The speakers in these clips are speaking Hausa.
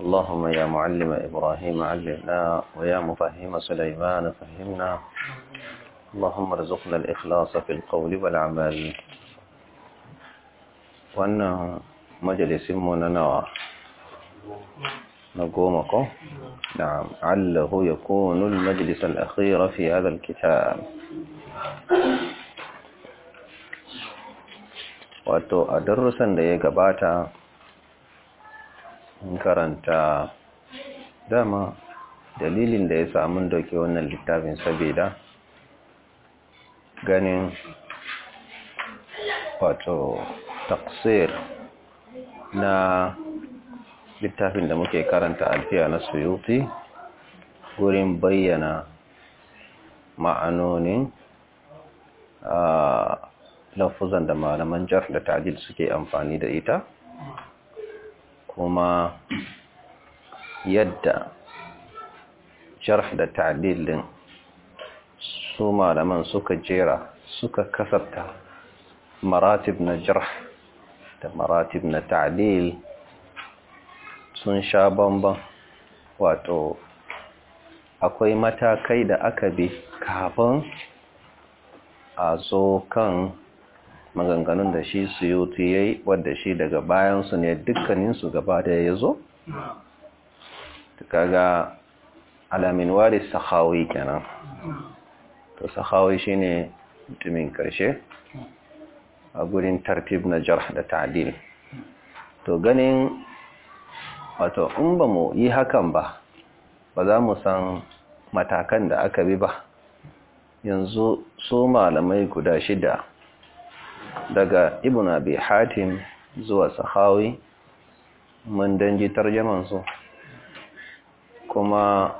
اللهم يا معلم إبراهيم علمنا ويا مفهم سليمان فهمنا اللهم ارزقنا الإخلاص في القول والعمل وأن مجلس مننا نقومكم نعم عله يكون المجلس الأخير في هذا الكتاب وأتو أدرسا darussan da Mun karanta dama dalilin da ya samu dauke wannan littafin saboda ganin wato taksir na littafin da muke karanta alfiya na suyuti gurin bayyana ma'anonin a ah, lafuzan da malaman jar da ta'adil suke amfani da ita kuma yadda sharh da ta'dil din su malaman suka jera suka kasarta maratib na jarh da maratib na ta'dil sun sha bamban wato akwai matakai da aka bi kafin a zo kan maganganun da shi suyuti ya yi wadda shi daga su ne dukkaninsu gaba da ya zo kaga alamin wari sahawi kenan to shi shine mutumin karshe a gurin tartib na jar da ta'adil to ganin wato in ba mu yi hakan ba ba za mu san matakan da aka bi ba yanzu su malamai guda shida daga ibn abi hatim zuwa sahawi mun danji tarjamansu kuma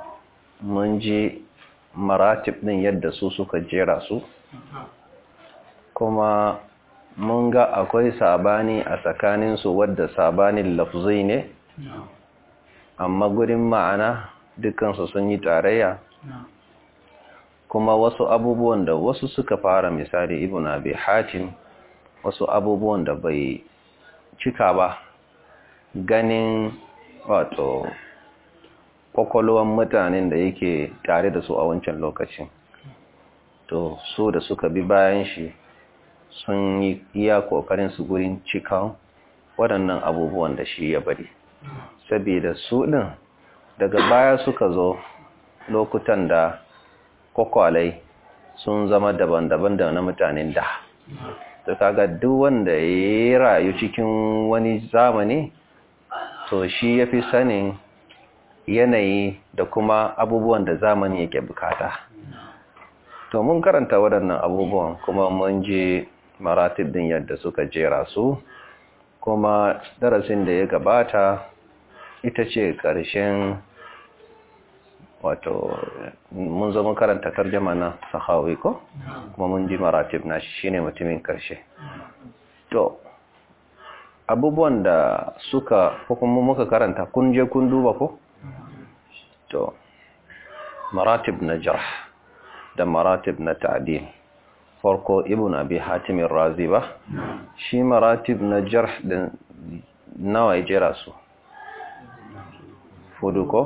mun ji maratib din yadda su suka jera su kuma mun ga akwai sabani a tsakaninsu wadda sabanin lafzai ne amma gurin ma'ana dukansu sun yi tarayya kuma wasu abubuwan da wasu suka fara misali ibn abi hatim wasu abubuwan da bai cika ba ganin wato kwakwalwan mutanen da yake tare da su a wancan lokacin to su da suka bi bayan shi sun yi iya kokarin su gurin cika waɗannan abubuwan da shi ya bari saboda su ɗin daga baya suka zo lokutan da kwakwalai sun zama daban-daban da na mutanen da ta kaga duk wanda ya rayu cikin wani zamani to shi ya fi sanin yanayi da kuma abubuwan da zamani yake bukata to mun karanta waɗannan abubuwan kuma mun je maratib din yadda suka jera su kuma darasin da ya gabata ita ce ƙarshen wato mun zo mun karanta tarjama na sahawi ko kuma mun ji maratib na shine mutumin karshe to abubuwan da suka hukumu muka karanta kun je kun duba ko to maratib na jarh da maratib na ta'dil farko ibn abi hatim razi ba shi maratib na jarh din nawa ya jera su fudu ko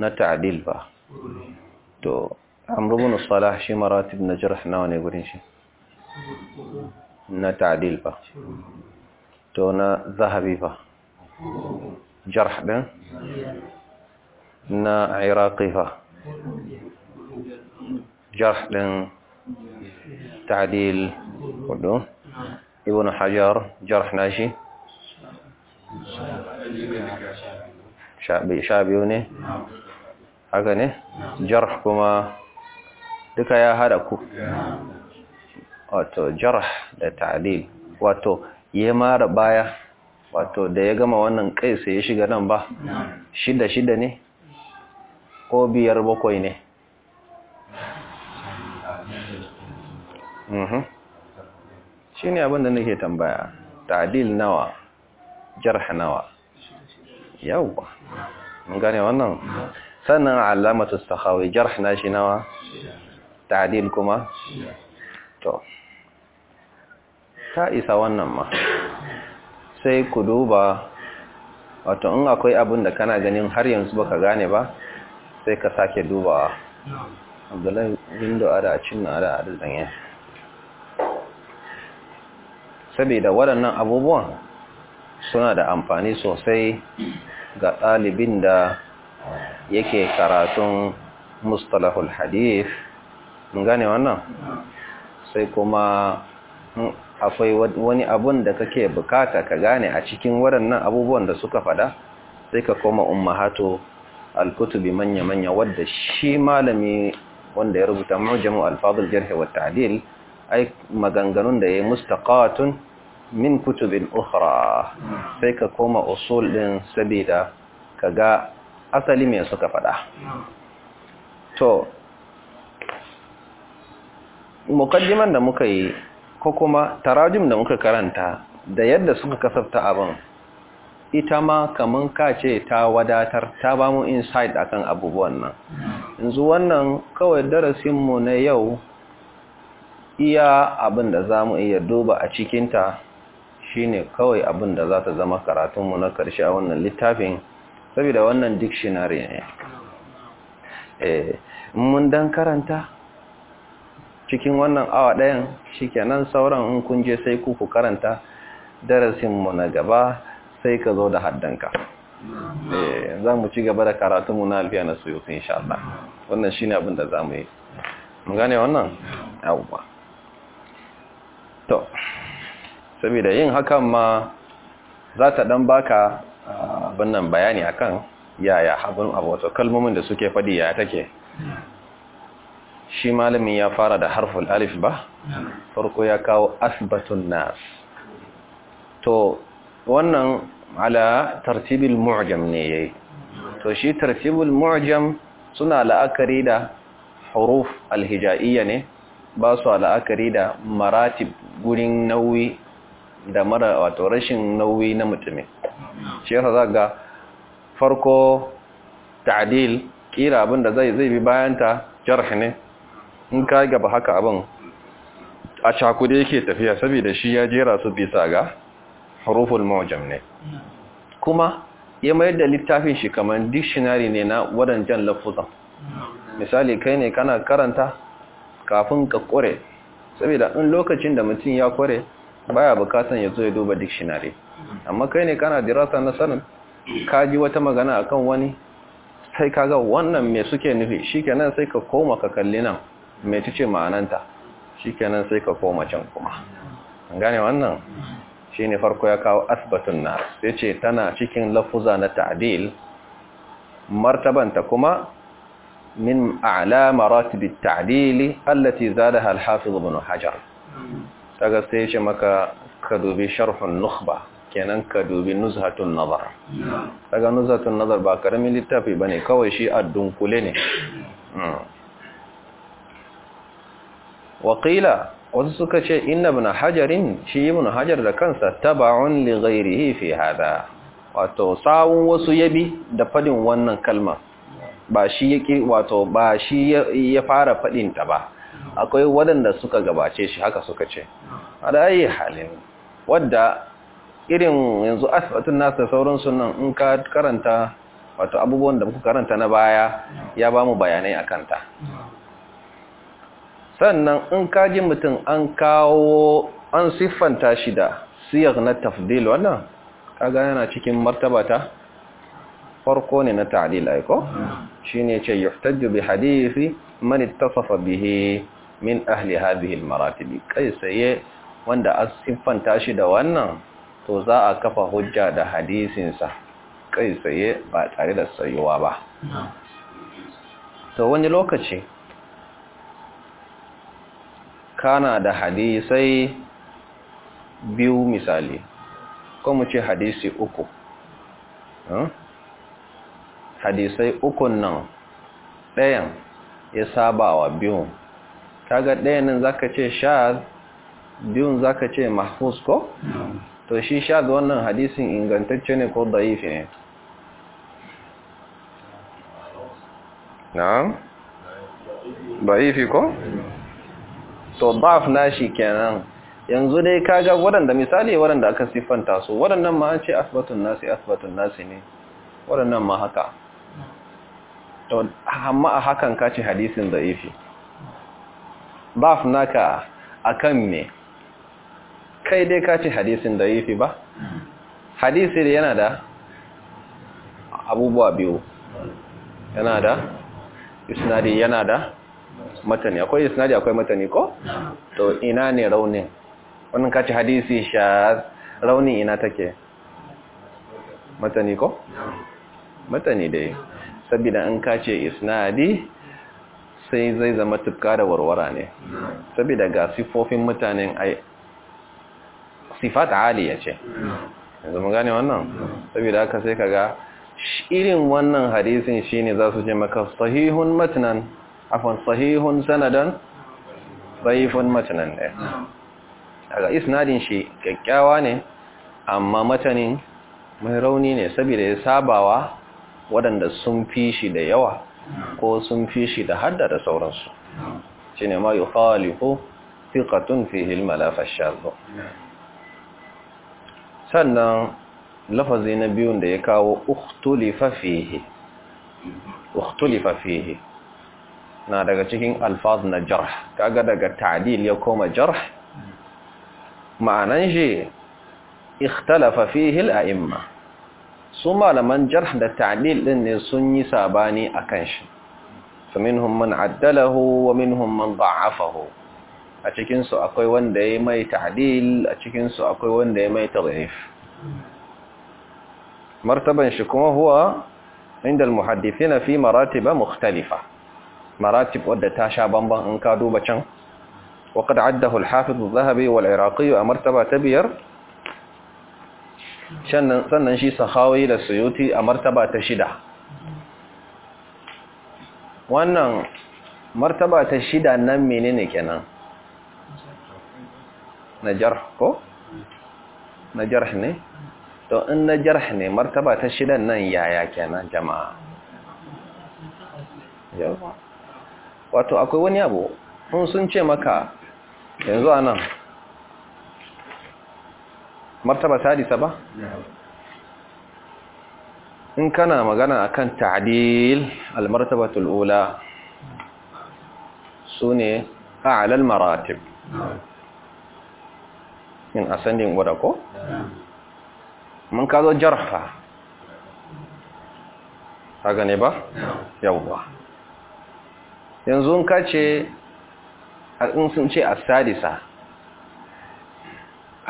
نه تعدیل با تو عمرو بن صلاح شي مراتب نه جرح نه ونې نه تعدیل با تو نه ذهبي با جرح ده نه عراقي با جرح ده تعديل ودو ابن حجر جرح ناشي شعبي شعبي ونه haka ne jarh kuma duka ya hada ku wato jarh da ta'dil wato ya mara baya wato da ya gama wannan kai sai ya shiga nan ba shida shida ne ko biyar bakwai ne mhm. shi ne abinda nake tambaya ta'adil nawa Jarh nawa Yau, mun gane wannan sannan alamatu sakhawi jarh na shi nawa ta'adil kuma to ta isa wannan ma sai ku duba wato in akwai abin da kana ganin har yanzu baka gane ba sai ka sake dubawa abdullahi bin da cin na da da zanye saboda waɗannan abubuwan suna da amfani sosai ga ɗalibin da yake karatun mustalahul hadith mun gane wannan sai kuma akwai wani abun da kake bukata ka gane a cikin waɗannan abubuwan da suka fada sai ka koma ummahatu alkutubi manya-manya wadda shi malami wanda ya rubuta mujamu alfadul jarhi wa ta'dil ai maganganun da yayi mustaqatun min kutubin ukhra sai ka koma usul din sabida ga. asali me suka faɗa to mukaddiman da muka yi ko kuma tarajum da muka karanta da yadda suka kasafta abin ita ma kaman ka ce ta wadatar ta ba mu insight akan abubuwan nan yanzu wannan kawai darasin mu na yau iya abin da za mu iya duba a cikinta shine kawai abin da za ta zama karatunmu na karshe a wannan littafin saboda wannan dictionary ne eh mun dan karanta cikin wannan awa ɗayan shikenan sauran in kun je sai ku ku karanta darasin mu na gaba sai ka zo da haddanka eh za mu ci gaba da karatu mu na alfiya na suyuf insha Allah wannan shine abin da zamu yi mun gane wannan yawa to saboda yin hakan ma za ta dan baka ah, abin nan bayani akan yaya abin abu wato kalmomin da suke faɗi ya take shi malamin ya fara da harful alif ba farko ya kawo asbatun nas to wannan ala tartibul mu'jam ne yayi to shi tartibul mu'jam suna la'akari da huruf alhija'iyya ne ba su la'akari da maratib gurin nauyi da mara wato rashin nauyi na mutumin shi yasa za ga farko ta'dil kira abin da zai bi bayanta jarh ne in ka gaba haka abin a cakude yake tafiya saboda shi ya jera su bisa ga huruful mu'jam ne kuma ya mayar da littafin shi kamar dictionary ne na wadancan lafuzan misali kai ne kana karanta kafin ka kore saboda in lokacin da mutum ya kore baya bukatan ya zo ya duba dictionary amma kai ne kana dirasa na sanin ka ji wata magana akan wani sai kaga wannan me suke nufi shikenan sai ka koma ka kalli nan me tace ma'ananta shikenan sai ka koma can kuma an gane wannan shine farko ya kawo asbatun nar yace tana cikin lafuza na ta'dil martabanta kuma min a'la maratib at-ta'dil allati zadaha al-hafiz ibn hajar daga sai shi maka ka dubi sharhun nukhba kenan ka dubi nuzhatun nazar daga nuzhatun nazar ba karamin littafi bane kawai shi a dunkule ne hmm. waƙila wasu suka ce inna bin hajarin shi ibn hajar da kansa taba'un li ghairihi fi hada wato sawun wasu bi da fadin wannan kalma ba shi wato ba shi ya fara fadin ta ba akwai waɗanda suka gabace shi haka suka ce a alayi halin wadda irin yanzu asibitin nasa saurin sunan in ka karanta wato abubuwan da muka karanta na baya ya ba mu bayanai a kanta sannan in ka ji mutum an kawo an siffanta shi da siyar na tafdil wannan kaga yana cikin martaba ta farko ne na ta'dil aiko hmm. shine ce yuhtaju bi hadisi hadithi ittasafa bihi min ahli hadhihi almaratibi kai saye wanda an siffanta shi da wannan to za a kafa hujja da hadisinsa kai tsaye ba tare da tsayuwa ba to wani lokaci kana da hadisai biyu misali ko mu ce hadisi uku hmm? hadisai ukun nan ɗayan ya saba wa biyun kaga ɗaya nan zaka ce shaz biyun zaka ce mahfuz ko to shi shaz wannan hadisin ingantacce ne ko da'if ne na'am da'ifi ko to da'af nashi kenan yanzu dai kaga waɗanda misali waɗanda aka siffanta su waɗannan ma an ce asibatun nasi asibatun nasi ne waɗannan ma haka to amma a hakan kace hadisin da'ifi baf naka kan me kai dai ka ce hadisin da yi ba hadisi da yana da abubuwa biyu yana da isnadi yana da matani akwai isnadi akwai matani ko to ina ne raunin wannan ka ce hadisi sha raunin ina take matani ko matani dai saboda in ka ce isnadi sai zai zama tufka da warwara ne saboda ga sifofin mutanen ai sifat ya ce yanzu mun gane wannan saboda haka sai kaga irin wannan hadisin shine za su je maka sahihun matnan afan sahihun sanadan sahihun matnan ne daga isnadin shi kyakkyawa ne amma matanin mai rauni ne saboda ya sabawa waɗanda sun fi shi da yawa ko sun fi shi da hadda da sauransu shi ne ma yi khalifu fiƙatun hilma malafa shazo sannan lafazi na biyun da ya kawo uktulifa fihe na daga cikin alfaz na jarh kaga daga ta'adil ya koma jarh ma'anan shi ikhtalafa fihil a aimma su malaman jarh da talil din ne sun yi sabani akan shi faminhum man addalahu wa minhum man da'afahu a cikin su akwai wanda ya mai ta'dil a cikin su akwai wanda ya mai tadhif martaban shi kuma huwa inda al fi maratiba mukhtalifa maratib wadda ta sha bamban in ka duba can zahabi wal الحافظ a martaba ta biyar. sannan shi sahawi da suyuti a martaba ta shida wannan martaba ta shida nan menene kenan najar ko najar ne to in najar ne martaba ta shida nan yaya kenan jama'a wato akwai wani abu sun ce maka yanzu anan martaba sadisa ba in kana magana akan ta'dil al-martabatul ula sune a'la al-maratib in ascending order ko mun ka zo jarha haka ne ba yawwa yanzu in ka ce in sun ce as-sadisa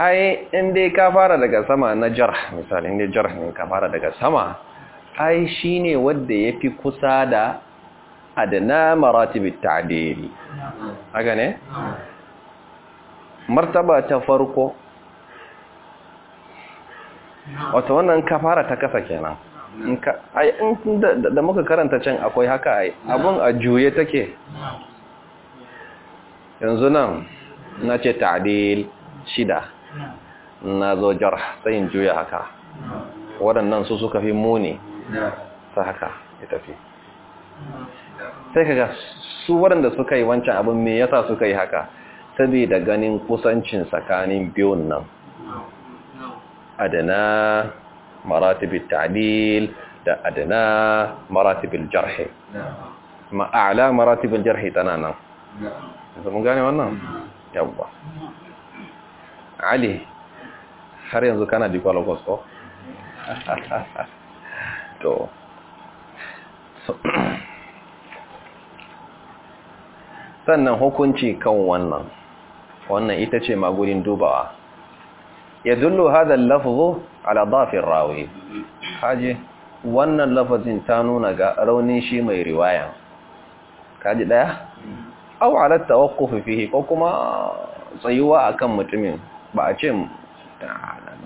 ai in dai ka fara daga sama na jar, misali in dai jar ne ka fara daga sama ai shine wanda yafi kusa da adana maratibit ta'dili haka ne martaba ta farko wato wannan ka fara ta kasa kenan ai in da muka karanta can akwai haka ai abun a juye take yanzu nan na ce ta'dil shida na zo jar sai juya haka waɗannan su suka fi muni ta haka ya tafi sai kaga su waɗanda suka yi wancan abin me yasa suka yi haka saboda ganin kusancin tsakanin biyun nan adana maratibin ta'adil da adana maratibin Jarhi. ma'ala maratibin jarhe tana nan sun gane wannan yabba ali har yanzu kana di ko to sannan hukunci kan wannan wannan ita ce magudin dubawa ya dullu hada lafazo ala dafin rawi haji wannan lafazin ta nuna ga raunin shi mai riwaya kaji daya au ala tawakkufi ko kuma tsayuwa akan mutumin ba a ce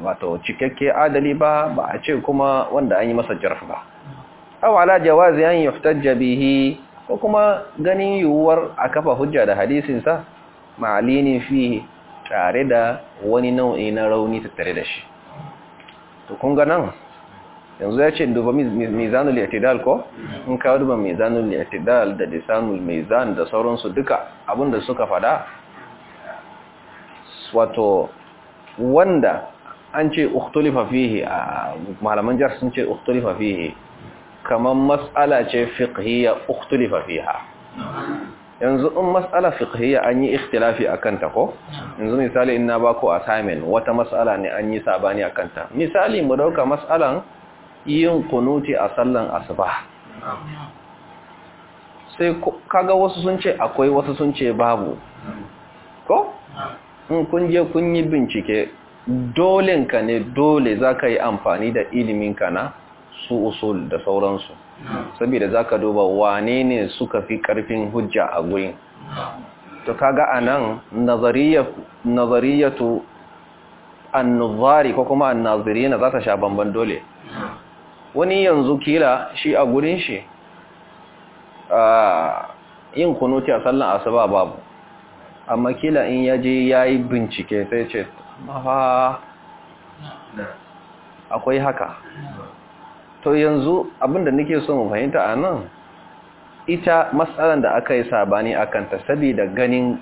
wato cikakke adali ba ba a ce kuma wanda an yi masa jarf ba aw ala jawazi an yuhtajja bihi ko kuma ganin yiwuwar a kafa hujja da hadisin sa ma'alini fi tare da wani nau'i na rauni tattare da shi to kun ga yanzu ya ce duba mizanul i'tidal ko in ka duba mizanul i'tidal da Disanul mizan da sauransu duka abinda suka fada wato wanda an ce uktulifa fihi a malaman jar sun ce uktulifa fihi kamar matsala ce fiqhiyya uktulifa fiha yanzu in matsala fiqhiyya an yi ikhtilafi a kanta ko yanzu misali in na bako assignment wata matsala ne an yi sabani a kanta, misali mu dauka matsalan yin kunuti a sallan asuba sai kaga wasu sun ce akwai wasu sun ce babu ko in kun je kun yi bincike dolenka ne dole za ka yi amfani da iliminka na su usul da sauransu saboda za ka duba wane ne suka fi karfin hujja a gurin to kaga a nan nazariyatu annuzari ko kuma annazirina za ta sha bamban dole wani yanzu kila shi a gurin shi ah, yin kunuti a sallan asuba babu amma kila in ya je ya yi bincike sai ce akwai haka to yanzu abinda nake so mu fahimta a nan ita matsalan da aka yi sabani a kanta saboda ganin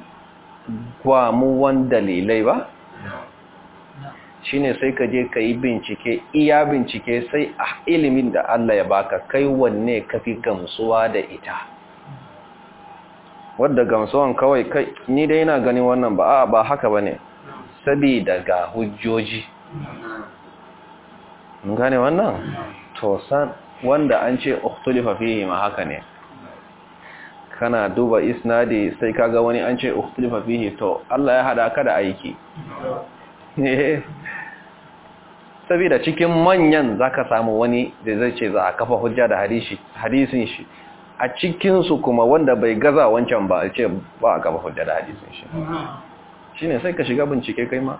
gwamuwan dalilai ba shine sai ka je ka yi bincike iya bincike sai a ilimin da Allah ya baka kai wanne kafi gamsuwa da ita wadda gamsuwan kawai kai ni dai na ganin wannan ba a ba haka ba ne sabida ga hujjoji gane wannan tosan wanda an ce uktulifa fiye ma haka ne kana duba isnadi sai kaga wani an ce uktulifa fiye to Allah ya hada ka da aiki eh. sabida cikin manyan za ka samu wani da zai ce za a kafa hujja da hadisin shi a cikinsu kuma wanda bai gaza wancan ba ce ba a gaba hujjar hadisun shi shi ne sai ka shiga bincike kai ma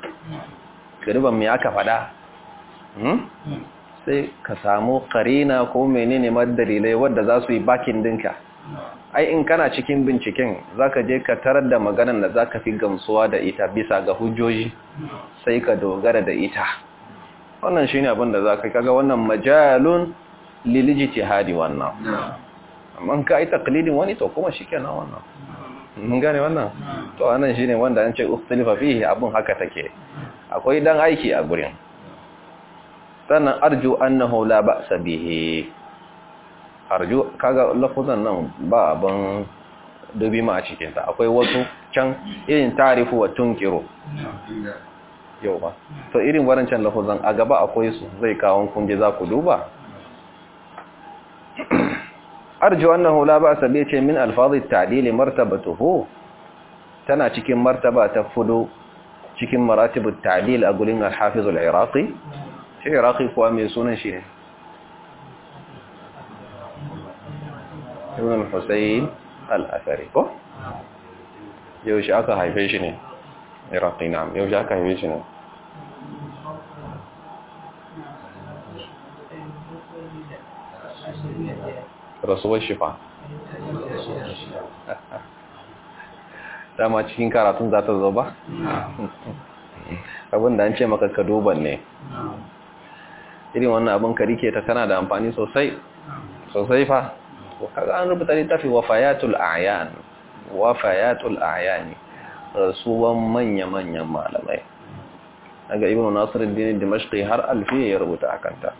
gariban mai aka fada hmm? sai ka samu karina ko menene madalilai wadda za su yi bakin dinka ai in kana cikin binciken za ka je ka tarar da maganan da za ka fi gamsuwa da ita bisa ga hujjoji sai ka dogara da ita wannan shi ne abin za ka kaga wannan majalun lilijiti hadi wannan man ka yi taklidin wani to kuma shi kenan wannan mun gane wannan to anan shine wanda an ce ukhtilafa fihi abun haka take akwai dan aiki a gurin sannan arju annahu la ba'sa bihi arju kaga lafuzan nan ba abun dubi ma a cikin ta akwai wasu can irin tarifu wa tunkiru yau ba to irin warancan lafuzan a gaba akwai su zai kawo kun je za ku duba arju annahu la ba bi ce min alfazi ta'dil martabatuhu tana cikin martaba ta fudu cikin maratibut ta'dil a gurin al-hafiz al-iraqi shi iraqi kuwa mai sunan shi ne ibn husayn al-athari ko yau shi aka haife shi ne iraqi na'am yau shi aka haife shi ne rasuwar shi fa dama cikin karatun za ta zo ba abin da an ce maka ka duban ne irin wannan abin ka rike ta kana da amfani sosai sosai fa kaga an rubuta littafi wafayatul a'yan wafayatul a'yan rasuwan manya-manyan malamai daga ibn nasiruddin dimashqi har alfiya ya rubuta akanta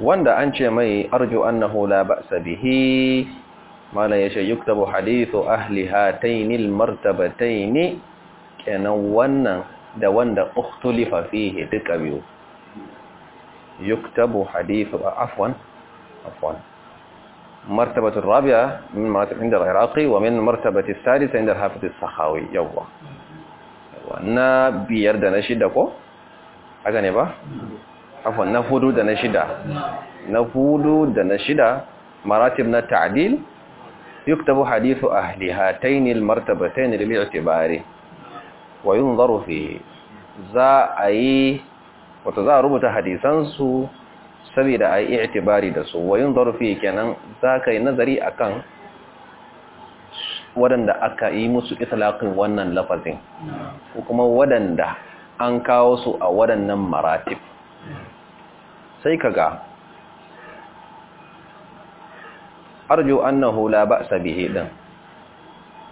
wanda an ce mai arju annahu la ba'sa bihi mala yace yuktabu hadithu ahli hatainil martabataini kenan wannan da wanda ukhtulifa fihi duka biyu yuktabu hadithu afwan afwan مرتبة الرابعة من مراتب عند العراقي ومن مرتبة الثالثة عند الحافظ السخاوي يوه Wannan biyar da na shida ko haka ne ba afon na hudu da na shida na hudu da na shida maratib na ta'dil yuktabu hadithu ahli hatayn almartabatayn lil'tibari wa yunzaru fihi za a wato za a rubuta hadisan su saboda a yi i'tibari da su wa yunzaru fihi kenan za yi nazari akan waɗanda aka yi musu itlaqin wannan lafazin kuma waɗanda an kawo su a waɗannan maratib sai ka ga arju annahu la ba'sa bihi din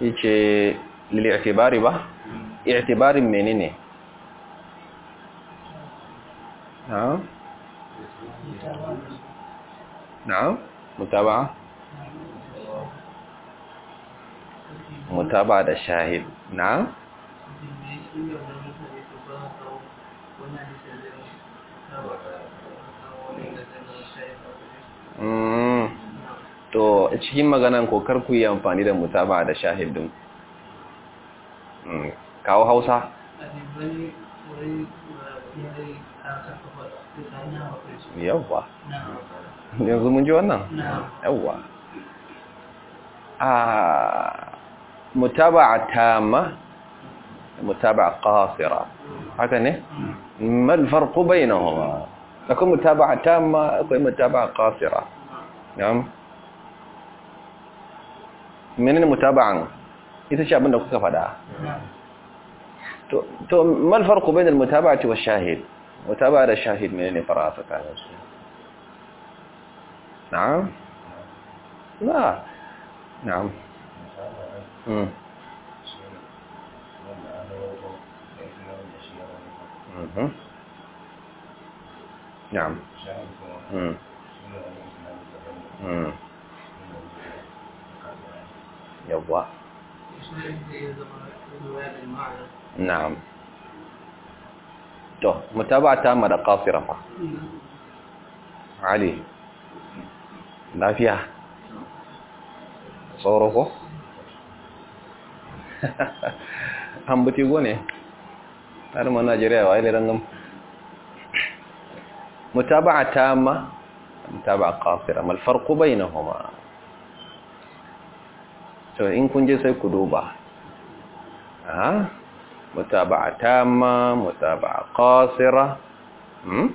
yace lil i'tibari ba i'tibarin menene na'am na'am mutaba mutaba da shahid na'am Mm. to cikin maganan ko kar ku yi amfani da mutaba da shahidin mm. kawo hausa yawwa yanzu mun ji wannan yawwa a mutaba a tama mutaba a qasira haka ne mm. mal farqu bainahuma أكون متابعة تامة أكون متابعة قاصرة نعم من المتابعة إذا شاء منك كفدا تو ما الفرق بين المتابعة والشاهد متابعة الشاهد من اللي برافق على نعم لا نعم Mm-hmm. نعم مم. مم. يوا na'am to mutabata ma da kafira fa ali lafiya tsoro ko an buti متابعة تامة متابعة قاصرة ما الفرق بينهما to in kun je sai ku duba a mutaba'a tamma mutaba'a qasira hmm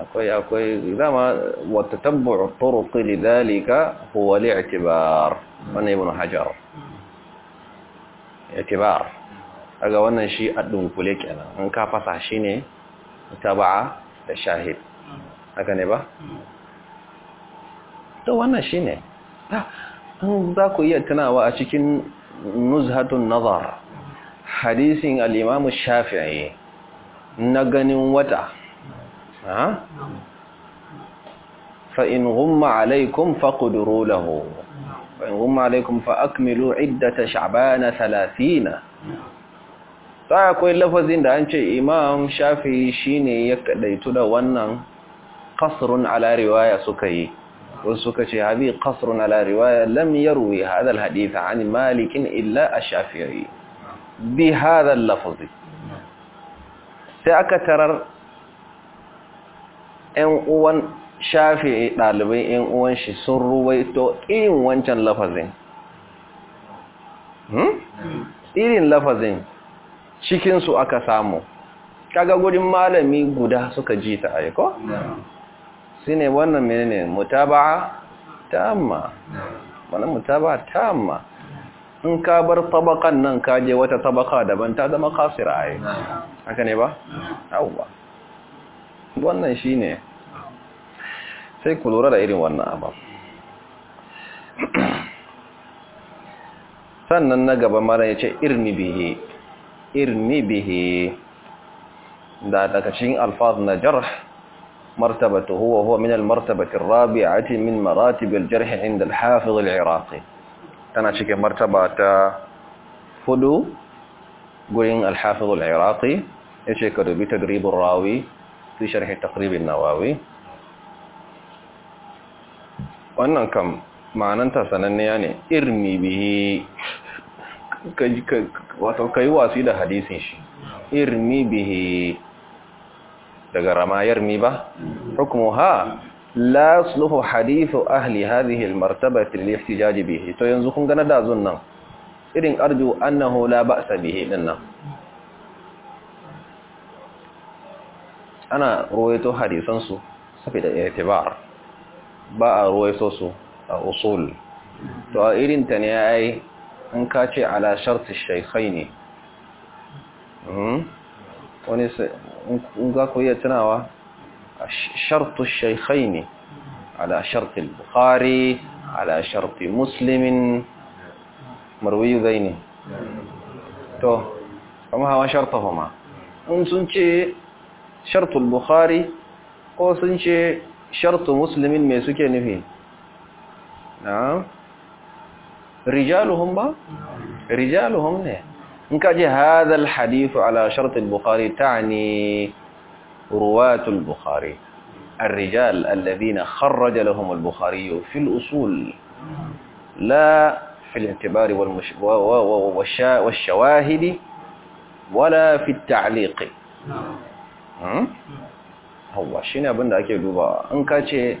akwai akwai dama wa tatabbu'u turuq lidhalika huwa li'tibar wannan ibn hajar i'tibar kaga wannan shi addun kule kenan in ka fasa shine ne da shahid haka ne ba? to wannan shi ne za ku iya tunawa a cikin nuzhatun nazar hadisin al'imamu shafi'i na ganin wata fa'in gumma alaikum faƙuduro lahu fa'in gumma alaikum fa'akmilu iddata sha'bana na. sai akwai lafazin da an ce imam shi shine ya kadaitu da wannan kasrun ala riwaya suka yi wasu suka ce habi kasrun ala riwaya lam yarwi hadha alhadith an malik illa ash-shafi'i bi hadal al sai aka tarar ɗan uwan shafi'i dalibai ɗan uwan shi sun ruwaito irin wancan lafazin hmm? irin lafazin cikinsu aka samu kaga gudun malami guda suka ji ta aiko shi ne wannan menene mutaba'a tamma wannan mutaba'a tamma in ka bar tabakan nan ka je wata tabaka daban ta zama kasira ai haka ne ba yawwa wannan shi ne. sai ku lura da irin wannan abu sannan na gaba mara ce irni biye. irmi bihi da daga cikin alfaz na jarh مرتبته وهو من المرتبة الرابعة من مراتب الجرح عند الحافظ العراقي tana cikin martaba ta hudu gurin alhafizul iraqi ya ce ka dubi tagribin rawi fi sharhi takribin nawawi wannan kam ma'ananta sananniya ne irmi bihi wato kai wasu da hadisin shi irmi bihi daga rama yarmi ba hukumu ha la sulhu hadithu ahli hadhihi almartabati lil bihi to yanzu kun ga na zun nan irin arju annahu la ba'sa bihi din nan ana ruwaito hadisan su saboda itibar ba a ruwaito su a usul to a irin ta ne ai in ka ce ala sharti shaikai ne hmm? wani in za ku iya tunawa shartu shaikai ne ala sharti bukhari ala sharti musulmin marwiyu zai ne to kama hawa sharta homa in sun ce shartar bukhari ko sun ce shartu musulmin mai suke nufi na رجالهم با رجالهم هم إنك هذا الحديث على شرط البخاري تعني رواة البخاري الرجال الذين خرج لهم البخاري في الأصول لا في الاعتبار والمش... والشواهد ولا في التعليق هو شنو abin da دوبا duba in ka ce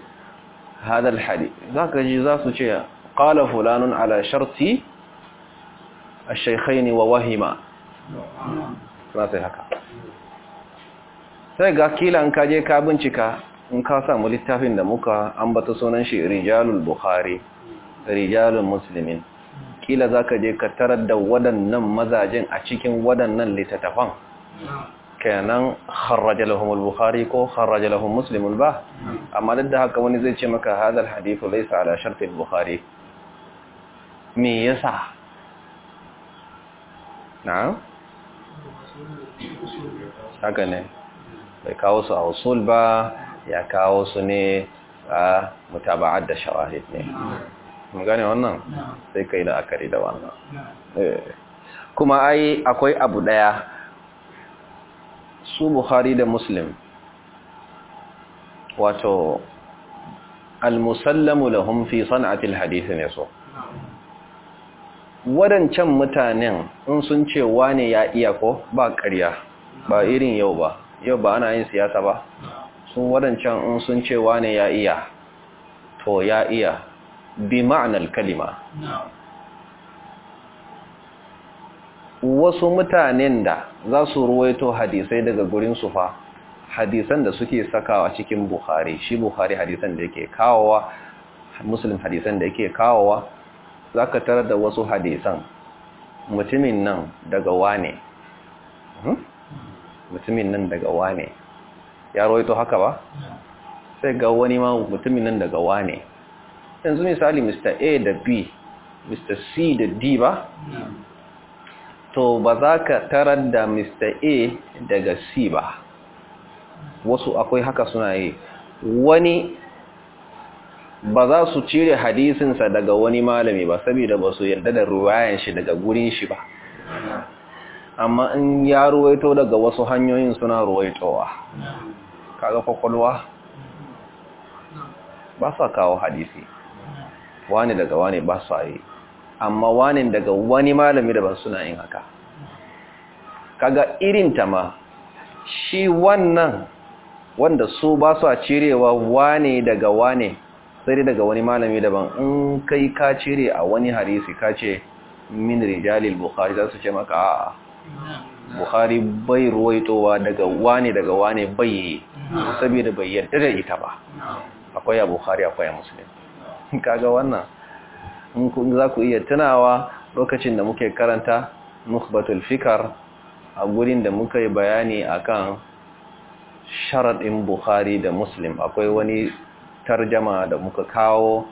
hadal hadith zaka ji qala fulanun ala sharti ash-shaykhayn wa wahima sai ga kila kaje ka bincika in ka samu littafin da muka ambata sunan shi rijalul bukhari rijalul muslimin kila zaka je ka tarar da waɗannan mazajin a cikin waɗannan littattafan kenan kharraja bukhari ko kharraja lahum ba amma duk da haka wani zai ce maka hadal hadithu laysa ala shart al-bukhari me yasa na haka ne bai kawo su a usul ba ya kawo su ne a mutaba'ad da shawahid ne mun gane wannan sai kai da akari da wannan kuma ai akwai abu daya su bukhari da muslim wato al-musallamu lahum fi san'atil hadith ne so waɗancan mutanen in sun ce wane ya iya ko ba ƙarya ba irin yau ba yau ba ana yin siyasa ba sun waɗancan in sun ce wane ya iya to ya iya bi ma'anar kalima wasu mutanen da za su ruwaito hadisai daga gurin fa, hadisan da suke sakawa cikin buhari shi buhari hadisan da yake kawowa muslim hadisan da yake kawowa za ka tara da wasu hadisan mutumin nan daga wane hmm? mutumin nan daga wane ya roito haka ba sai ga wani ma mutumin nan daga wane yanzu misali mr a da b mr c da d ba to ba za ka tarar da mr a daga c ba wasu akwai haka suna yi wani ba za su cire hadisinsa daga wani malami ba saboda ba su yarda da ruwayan shi daga gurin shi ba amma in ya ruwaito daga wasu hanyoyin suna ruwaitowa kaga kwakwalwa ba sa kawo hadisi wani daga wani ba sa yi amma wani daga wani malami da ba suna yin haka kaga ta ma shi wannan wanda su ba su cirewa wane daga wane sai dai daga wani malami daban in kai ka cire a wani harisi ka ce min rijalil bukhari za su ce maka a'a bukhari bai ruwaitowa daga wane daga wane bai saboda bai yarda da ita ba akwai a bukhari akwai a musulun kaga wannan in kun za ku iya tunawa lokacin da muke karanta nukbatul fikar a gurin da muka yi bayani akan sharaɗin bukhari da muslim akwai wani tarjama da muka kawo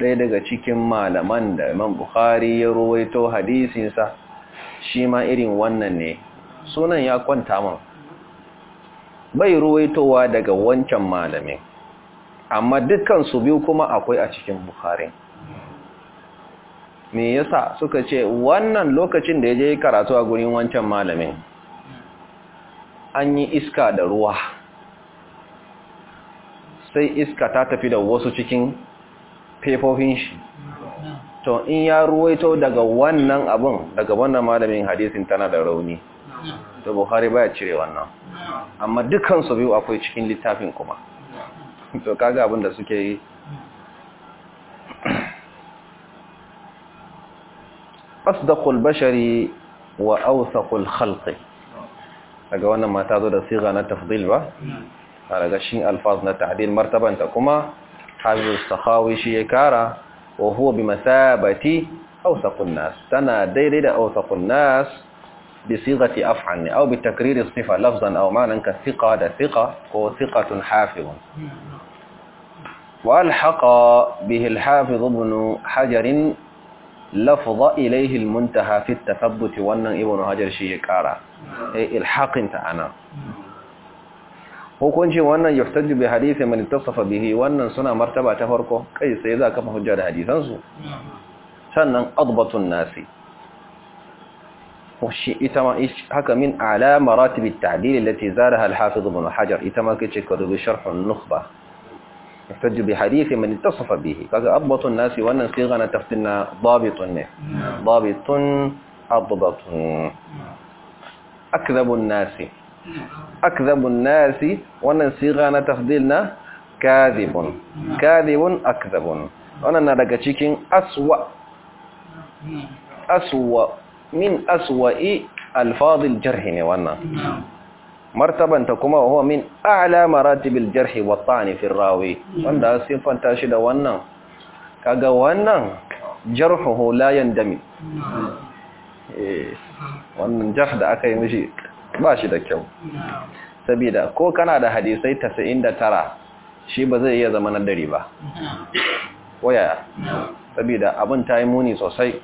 ɗaya daga cikin malaman da Imam Bukhari ya ruwaito hadisinsa shi ma irin wannan ne sunan ya kwanta mun. bai ruwaitowa daga wancan malamin amma dukkan su biyu kuma akwai a cikin Buhari. me yasa suka ce wannan lokacin da ya je karatu a gurin wancan malamin an yi iska da ruwa sai iska ta tafi da wasu cikin fefofin shi to in ya ruwaito daga wannan abun daga wannan malamin hadisin tana da rauni to buhari baya cire wannan amma dukkan su biyu akwai cikin littafin kuma to kaga abin da suke yi asdaqul bashari wa awsaqul khalqi daga wannan mata zo da siga na tafdil ba ƙaragashin alfaz na tahdil martabanta kuma hajjus sahawi shi ya kara wa huwa bi masabati awsaqun nas tana daidai da awsaqun nas bi sighati af'ali au bi takriri sifa lafzan aw ma'nan ka da thiqa ko thiqatun hafiz wa alhaqa bihi alhafiz ibn hajar lafz ilayhi almuntaha fi at-tathabbut wa annan ibn hajar shi ya kara ay eh, ilhaqin ana hukuncin wannan yuhtaju bi hadisi man ittasafa bihi wannan suna martaba ta farko kai sai za ka hujja da hadisan su sannan adbatun nasi shi ita ma haka min ala maratib at-ta'dil allati zaraha al-hafiz ibn hajar ita ma kace ka rubu sharh an-nukhba yuhtaju bi hadisi man ittasafa bihi kaga adbatun nasi wannan siga na tafsirna dabitun ne dabitun adbatun akdhabun nasi أكذب الناس وأن صيغنا تفضيلنا كاذب كاذب أكذب وأننا لكتشيك أسوأ أسوأ من أسوأ الفاظ الجرح وأننا مرتبا تكما وهو من أعلى مراتب الجرح والطعن في الراوي وأننا سيفا تاشد وأننا كذا وأننا جرحه لا يندمي إيه. وأننا جرح دعك يمشيك ba shi da kyau saboda ko kana da hadisai da tara, shi ba zai iya zama na dare ba waya saboda abin ta yi muni sosai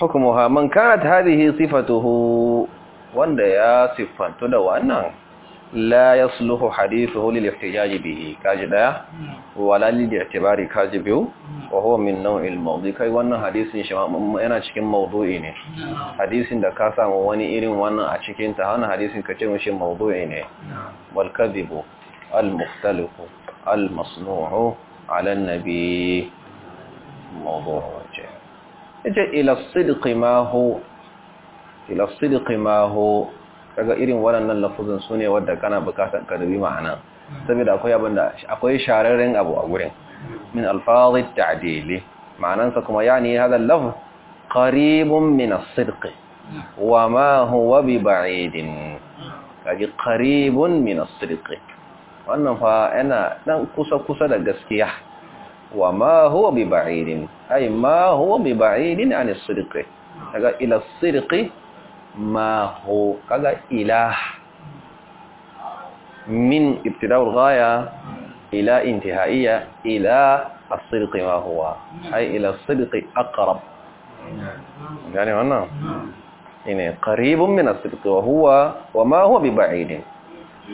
hukumuha man kanat hadihi sifatuhu wanda ya siffantu da wannan la yasluhu hadithuhu lil ihtijaj bihi kaji daya wala lil i'tibari kaji biyu wa huwa min naw'il mawdi kai wannan hadisin shi yana cikin mawdu'i ne hadisin da ka samu wani irin wannan a cikin ta wannan hadisin ka ce mishi mawdu'i ne wal kadhibu al mukhtalifu al masnu'u ala an-nabi mawdu'u ce ila as-sidqi ma hu ila as-sidqi ma hu kaga irin waɗannan lafuzin su ne wadda kana bukatar ka ma'ana saboda akwai abin da akwai shararren abu a gurin min alfazi ta'dili ma'anansa kuma yani hadha lafz qaribun min as-sidq wa ma huwa bi ba'idin kaji qaribun min as-sidq wannan fa yana dan kusa kusa da gaskiya wa ma huwa bi ba'idin ay ma huwa bi ba'idin an as-sidq kaga ila as-sidq ما هو قال إله من ابتداء الغاية إلى انتهائية إلى الصدق ما هو أي إلى الصدق أقرب يعني ما إنه يعني قريب من الصدق وهو وما هو ببعيد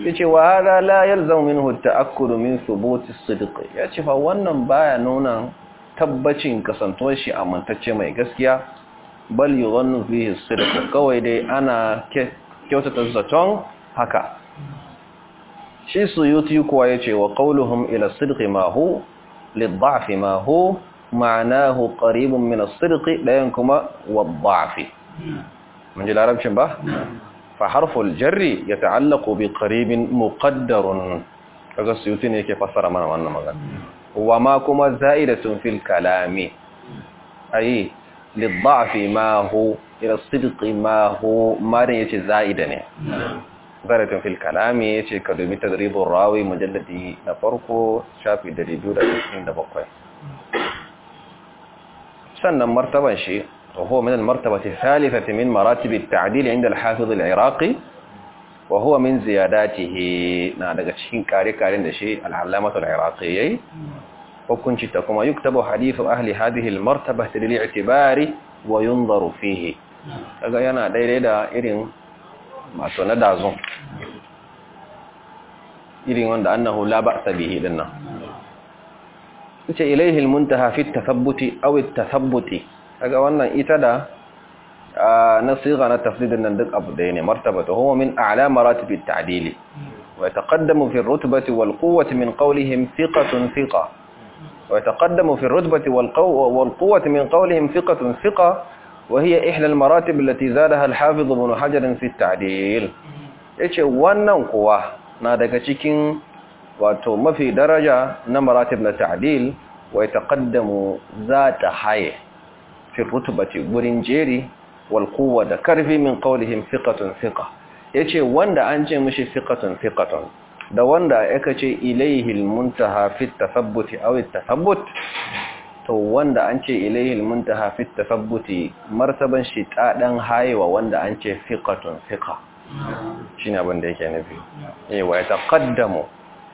يجي وهذا لا يلزم منه التأكد من ثبوت الصدق يجي فهو أنه بايا نونا تبتشي انكسنتوشي أمان تتشي ما bal yuzannu fihi sirqa kawai dai ana kyautata zaton haka shi suyuti kuwa yace wa qawluhum ila sidqi Mahu, hu Mahu, ma hu ma'anahu sidqi dayan kuma wadha'f mun ji larabcin ba fa harful jarri yata'allaqu bi qaribin muqaddarun kaga suyuti ne yake fassara mana wannan magana wa ma kuma za'idatun fil kalami ayi liddafi ma hu ila ma hu marin yace zaida ne baratun fil kalami yace ka dubi tadribur rawi mujalladi na farko shafi 297 sannan martaban shi وهو من المرتبة الثالثة من مراتب التعديل عند الحافظ العراقي وهو من زياداته نادق الشين كاري كاري الشيء العلامة العراقي hukunci ta kuma yuktabu hadifin ahli martaba ta dalilin i'tibari wa yunzaru fihi kaga yana daidai da irin masu na dazun irin wanda annahu la ba'sa bihi ce ilai hilmun ta fi ta tathabbuti aw ta tathabbuti kaga wannan ita da na siga na tafdidin nan duk abu ɗaya ne ta huwa min a'la maratib at-ta'dil wa yataqaddamu fi ar-rutbati wal quwwati min qawlihim thiqatun thiqa ويتقدم في الرتبة والقوة من قولهم ثقة ثقة وهي إحدى المراتب التي زادها الحافظ بن حجر في التعديل إيشي وانا قوة نادك تشكين وتوم في درجة نمراتب التعديل ويتقدموا ذات حي في الرتبة برنجيري والقوة دكرفي من قولهم ثقة ثقة إيشي وانا أنجي مشي ثقة, ثقة. da wanda aka ce ilayhil muntaha fi tasabbuti aw tasabbut to wanda an ce ilayhil muntaha fi tasabbuti martaban shi ta dan haiwa wanda an ce fiqatun fiqa shine abin da yake nufi eh wa yataqaddamu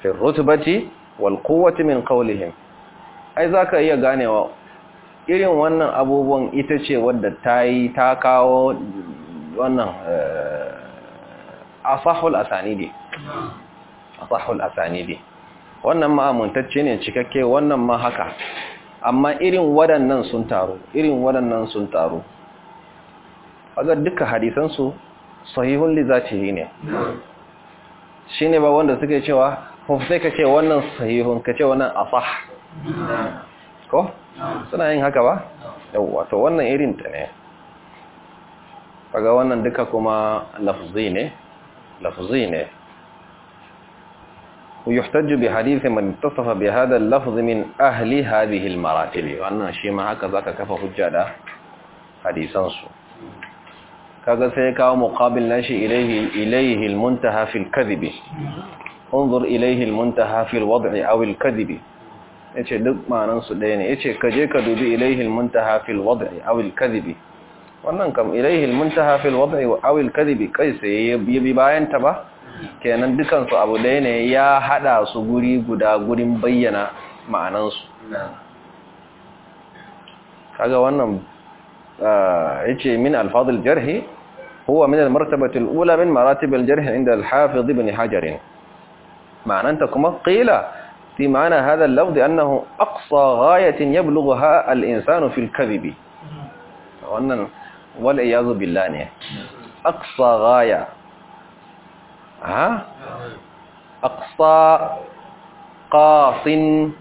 fi rutbati wal quwwati min qawlihim ai zaka iya ganewa irin wannan abubuwan ita ce wadda ta yi ta kawo wannan eh, asahul asanidi asahul asanidi wannan ma ne cikakke wannan ma haka amma irin waɗannan sun taru irin waɗannan sun taru kaga duka hadisan su sahihun li zatihi ne shine ba wanda suke cewa ko sai ka ce wannan sahihun ka ce wannan asah ko suna yin haka ba yawwa to wannan irin ta ne kaga wannan duka kuma lafzi ne lafzi ne ويحتج بحديث من اتصف بهذا اللفظ من أهل هذه المراتب وأن شيء ما هكذا كفى حجة حديثا كذا سيكاو مقابل ناشي إليه, إليه المنتهى في الكذب انظر إليه المنتهى في الوضع أو الكذب yace duk ma'anan su ɗaya ne yace ka je ka dubi ilaihil muntaha fil wad'i aw al kadhibi wannan kam ilaihil muntaha fil wad'i aw al kadhibi kai sai ya bi bayan ta ba kenan dukansu abu ɗaya ne ya hada su guri guda gurin bayyana ma'anansu kaga wannan yace min alfaz jarhi huwa min almartabah ula min maratib aljarh inda alhafiz ibn hajar ma'ananta kuma qila fi ma'ana hadha al-lafz annahu aqsa ghayatin yablughaha alinsanu fi kadhib wannan wal iyazu billah ne aqsa ghaya ha aqsa qasin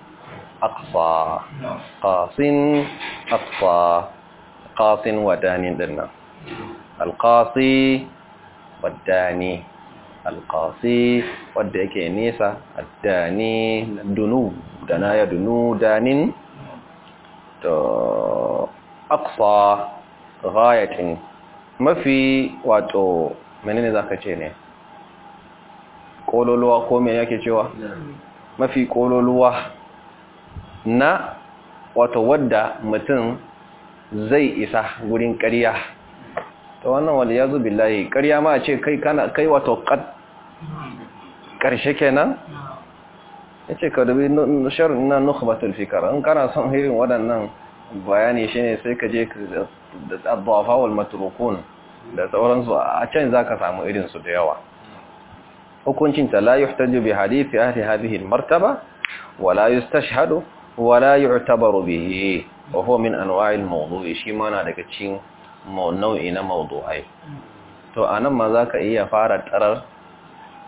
aqsa qasin aqsa qasin wadanin dinnan alqasi wadani alqasi wadda yake nesa addani dunu dana dunu danin to aqsa ghayatin mafi wato menene zaka ce ne kololuwa ko mai yake cewa mafi kololuwa na wato wadda mutum zai isa gurin karya, ta wannan wani ya zubi layi ƙarya ma ce kai wato ƙarshe kenan ya ce ka dubi sharin na batul fikar in kana son hirin waɗannan bayani shi ne sai ka je da abuwa fawal maturukun da sauransu a can za ka samu irinsu da yawa hukuncinta la yuhtaju bi hadithi ahli hadhihi martaba wa la yustashhadu wa la yu'tabaru bihi wa huwa min anwa'il mawdu'i shi ma na daga cikin nau'i na mawdu'ai to anan ma zaka iya fara tarar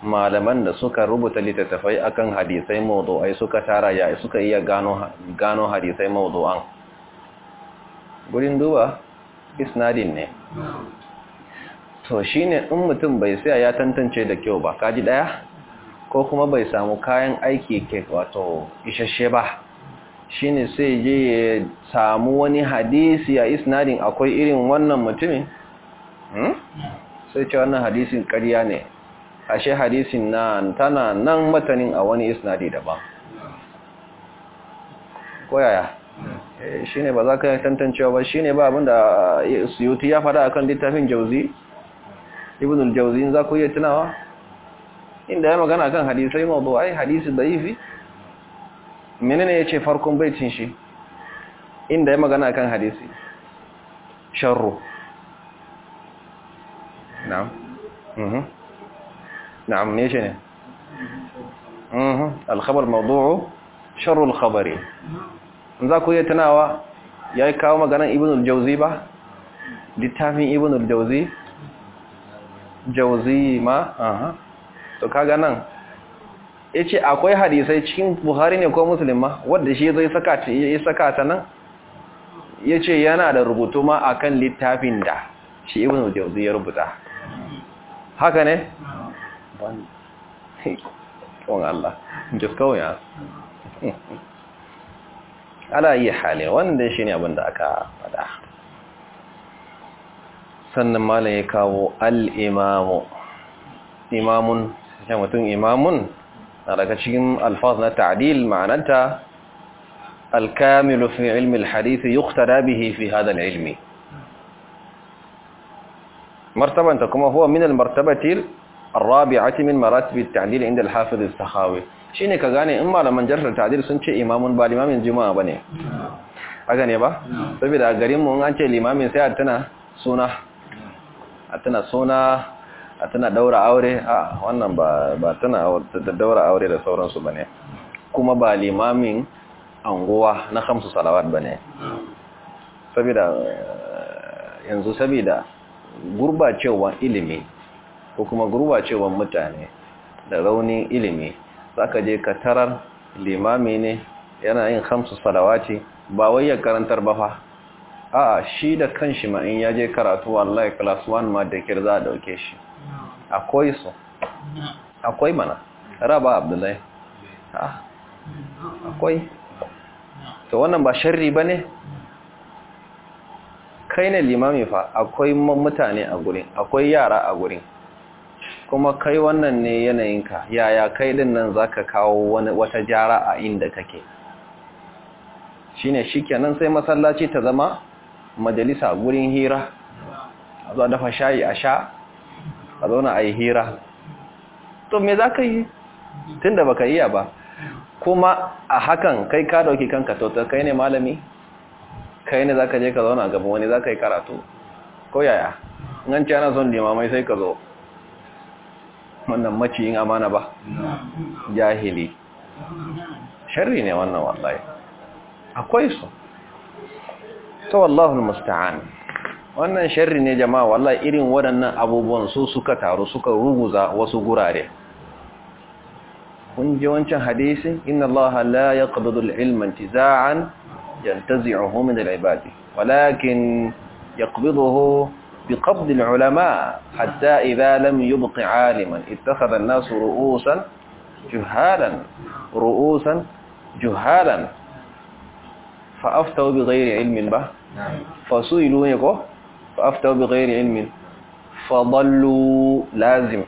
malaman da suka rubuta littattafai akan hadisai mawdu'ai suka tara ya suka iya gano gano hadisai mawdu'an gurin duba isnadin ne to ne in mutum bai saya ya tantance da kyau ba kaji daya ko kuma bai samu kayan aiki ke wato isasshe ba Shi ne sai je ya samu wani hadisi a isnadin akwai irin wannan mutumin hmm? sai ce wannan hadisin karya ne ashe hadisin na tana nan matanin a wani isnadi daban koyaya eh, ne ba za ka yi tantancewa ba Shi ne ba abinda suyuti ya fada akan littafin jauzi ibn al-jawzi za ku iya tunawa inda ya magana kan hadisai ai hadisi yifi menene yace farkon baitin shi inda ya magana kan hadisi sharru na'am mhm na'am ne shi ne mhm al-khabar mawdu'u sharru al-khabari za ku iya tunawa yayi kawo maganan ibn al-jawzi ba littafin ibn al-jawzi jauzi ma to kaga nan ya ce akwai hadisai cikin buhari ne ko Musulma wadda wanda shi zai saka ta ya saka ta nan ce yana da rubutu ma akan littafin da shi ibn jauzi ya rubuta haka ne wani Allah jiskawai ya ala yi hali wanda shi ne abin da aka fada sannan malam ya kawo al'imamu imamun ya mutum imamun na daga cikin alfaz na ta'adil ma'ananta alkamilu fi ilmi alhadithi yuktada bihi fi hadal ilmi martabanta kuma huwa min min almartabati الرابعه tadil 'inda al-hafiz الحافظ sakhawi shine ka gane in malaman jarhar ta'dil sun ce imamun ba limamin juma'a bane a gane ba saboda garin mu an ce limamin sai a tana suna a tana suna a tana daura aure a wannan ba tana daura aure da sauransu ba ne kuma ba limamin anguwa na hamsu salawat ba ne saboda yanzu saboda gurbacewan ilimi ko kuma gurbacewan mutane da raunin ilimi za ka je ka tarar limami ne yana yin hamsu salawati ba wai ya karantar ba fa a shi da kanshi ma in yaje karatu wallahi class 1 ma da kir za a dauke shi akwai su akwai mana raba abdullahi akwai to wannan ba sharri bane kai ne limami fa akwai mutane a gurin akwai yara a gurin kuma kai wannan ne yanayinka yaya kai din nan zaka kawo wata jara a inda kake shine shikenan sai masallaci ta zama majalisa gurin hira a zuwa dafa shayi a sha a zauna a yi hira to me za ka yi tun da baka iya ba kuma a hakan kai ka dauki kanka tautar kai ne malami kai ne za ka je ka zauna gaba wani za ka yi karatu ko yaya nan ci ana son limamai sai ka zo wannan maciyin amana ba jahili sharri ne wannan wallahi akwai su to wallahu musta'an wannan sharri ne jama'a wallahi irin waɗannan abubuwan su suka taru suka ruguza wasu gurare kun ji wancan hadisin inna allaha la yaqbidu al-ilma intiza'an yantazi'uhu min al-ibad walakin yaqbiduhu بقبض العلماء حتى إذا لم يبق عالما اتخذ الناس رؤوسا جهالا رؤوسا جهالا فأفتوا بغير علم به fasu ilu ne ko afta bi ghairi ilmin fadallu lazim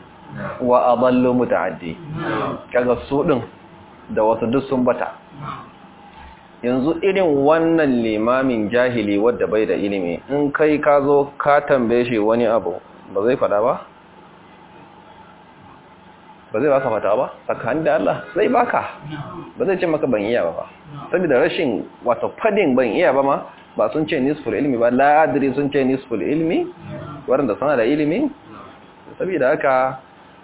wa adallu mutaaddi kaga su din da wasu duk sun bata yanzu irin wannan limamin jahili wadda bai da ilimi in kai ka zo ka tambaye shi wani abu ba zai fada ba ba zai baka fata ba tsakanin da Allah zai baka ba zai ce maka ban iya ba ba saboda rashin wato fadin ban iya ba ma ba sun ce nisful ilmi ba la'adiri sun ce nisful ilmi waɗanda suna da ilimi saboda haka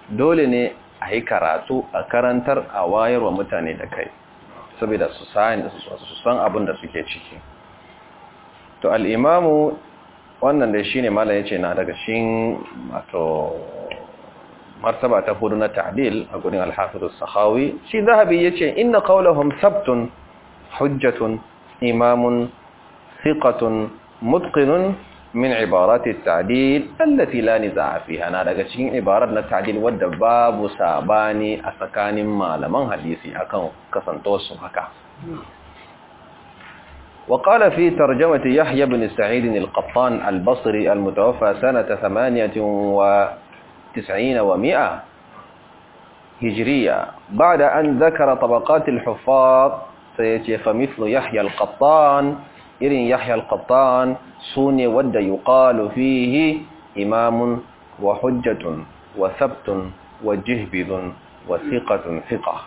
dole ne a yi karatu a karantar a wayar wa mutane da kai saboda su san abin da suke ciki to al'imamu wannan da shi ne mala ya ce na daga shi mato martaba ta hudu na ta'adil a gudun alhafizu sahawi shi zahabi ya ce inna kaulahum sabtun hujjatun imamun ثقة متقن من عبارات التعديل التي لا نزاع فيها انا daga cikin ibarar na ta'dil wadda babu sabani a tsakanin malaman hadisi akan kasanto وقال في ترجمة يحيى بن سعيد القطان البصري المتوفى سنة ثمانية وتسعين ومئة هجرية بعد أن ذكر طبقات الحفاظ سيتيخ مثل يحيى القطان إرين يحيى القطان سوني ود يقال فيه إمام وحجة وثبت وجهبذ وثقة ثقة